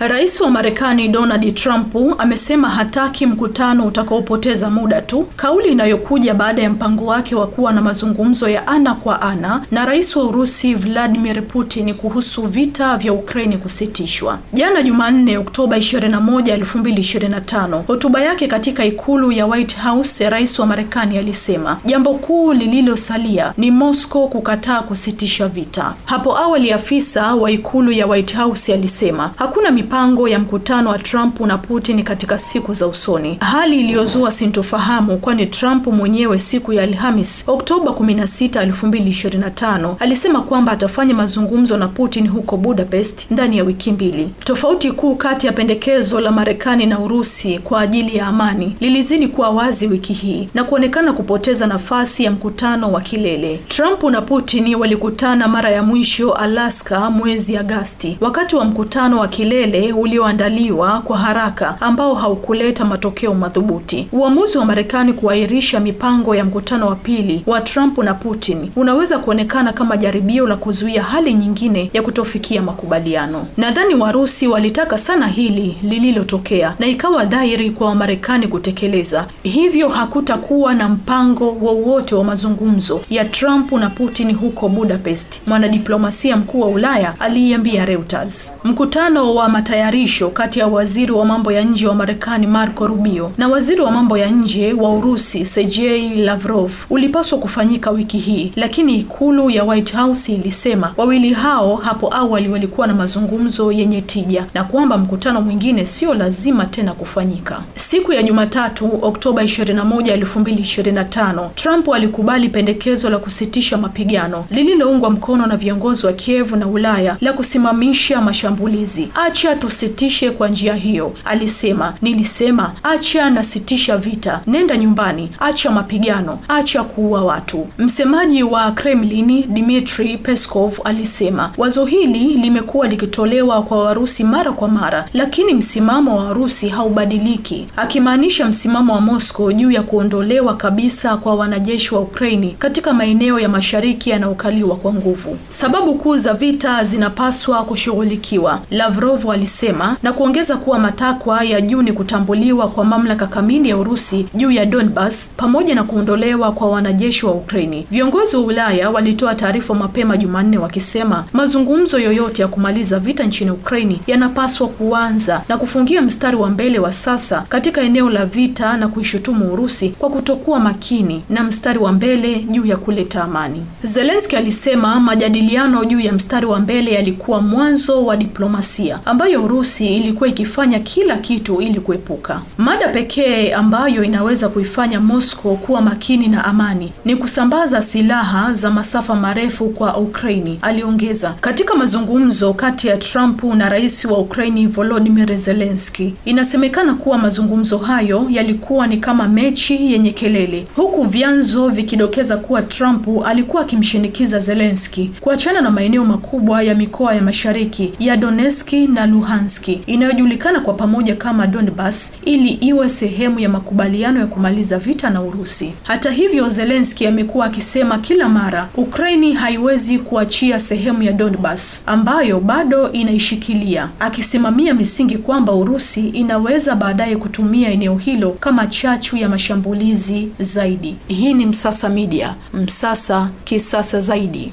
Rais wa Marekani Donald Trump amesema hataki mkutano utakaopoteza muda tu, kauli inayokuja baada ya mpango wake wa kuwa na mazungumzo ya ana kwa ana na rais wa Urusi Vladimir Putin kuhusu vita vya Ukraini kusitishwa. Jana Jumanne, Oktoba 21, 2025, hotuba yake katika ikulu ya White House, rais wa Marekani alisema jambo kuu lililosalia ni Moscow kukataa kusitisha vita. Hapo awali, afisa wa ikulu ya White House alisema hakuna mipango ya mkutano wa Trump na Putin katika siku za usoni, hali iliyozua sintofahamu, kwani Trump mwenyewe siku ya Alhamis Oktoba 16, 2025 alisema kwamba atafanya mazungumzo na Putin huko Budapest ndani ya wiki mbili. Tofauti kuu kati ya pendekezo la Marekani na Urusi kwa ajili ya amani lilizidi kuwa wazi wiki hii na kuonekana kupoteza nafasi ya mkutano wa kilele. Trump na Putin walikutana mara ya mwisho Alaska mwezi Agasti wakati wa mkutano wa kilele upande ulioandaliwa kwa haraka ambao haukuleta matokeo madhubuti. Uamuzi wa Marekani kuahirisha mipango ya mkutano wa pili wa Trump na Putin unaweza kuonekana kama jaribio la kuzuia hali nyingine ya kutofikia makubaliano. Nadhani Warusi walitaka sana hili lililotokea na ikawa dhahiri kwa Wamarekani kutekeleza. Hivyo hakutakuwa na mpango wowote wa, wa mazungumzo ya Trump na Putin huko Budapest, mwanadiplomasia mkuu wa Ulaya aliiambia Reuters. Mkutano wa matayarisho kati ya waziri wa mambo ya nje wa Marekani Marco Rubio na waziri wa mambo ya nje wa Urusi Sergei Lavrov ulipaswa kufanyika wiki hii, lakini ikulu ya White House ilisema wawili hao hapo awali walikuwa na mazungumzo yenye tija na kwamba mkutano mwingine sio lazima tena kufanyika. Siku ya Jumatatu, Oktoba 21, 2025, Trump alikubali pendekezo la kusitisha mapigano lililoungwa mkono na viongozi wa Kiev na Ulaya la kusimamisha mashambulizi. Acha tusitishe kwa njia hiyo. Alisema, nilisema acha nasitisha vita, nenda nyumbani, acha mapigano, acha kuua watu. Msemaji wa Kremlin Dmitry Peskov alisema wazo hili limekuwa likitolewa kwa Warusi mara kwa mara, lakini msimamo wa Warusi haubadiliki, akimaanisha msimamo wa Moscow juu ya kuondolewa kabisa kwa wanajeshi wa Ukraini katika maeneo ya mashariki yanayokaliwa kwa nguvu. Sababu kuu za vita zinapaswa kushughulikiwa, Lavrov amesema na kuongeza kuwa matakwa ya juu ni kutambuliwa kwa mamlaka kamili ya Urusi juu ya Donbas pamoja na kuondolewa kwa wanajeshi wa Ukraini. Viongozi wa Ulaya walitoa taarifa mapema Jumanne wakisema mazungumzo yoyote ya kumaliza vita nchini Ukraini yanapaswa kuanza na kufungia mstari wa mbele wa sasa katika eneo la vita na kuishutumu Urusi kwa kutokuwa makini na mstari wa mbele juu ya kuleta amani. Zelensky alisema majadiliano juu ya mstari wa mbele yalikuwa mwanzo wa diplomasia ambayo ya Urusi ilikuwa ikifanya kila kitu ili kuepuka. Mada pekee ambayo inaweza kuifanya Moscow kuwa makini na amani ni kusambaza silaha za masafa marefu kwa Ukraini, aliongeza. Katika mazungumzo kati ya Trump na rais wa Ukraini Volodymyr Zelensky, inasemekana kuwa mazungumzo hayo yalikuwa ni kama mechi yenye kelele, huku vyanzo vikidokeza kuwa Trump alikuwa akimshinikiza Zelensky kuachana na maeneo makubwa ya mikoa ya mashariki ya Donetsk na Luhansk. Luhanski inayojulikana kwa pamoja kama Donbas ili iwe sehemu ya makubaliano ya kumaliza vita na Urusi. Hata hivyo, zelenski amekuwa akisema kila mara Ukraini haiwezi kuachia sehemu ya Donbas ambayo bado inaishikilia, akisimamia misingi kwamba Urusi inaweza baadaye kutumia eneo hilo kama chachu ya mashambulizi zaidi. Hii ni Msasa Media, Msasa kisasa zaidi.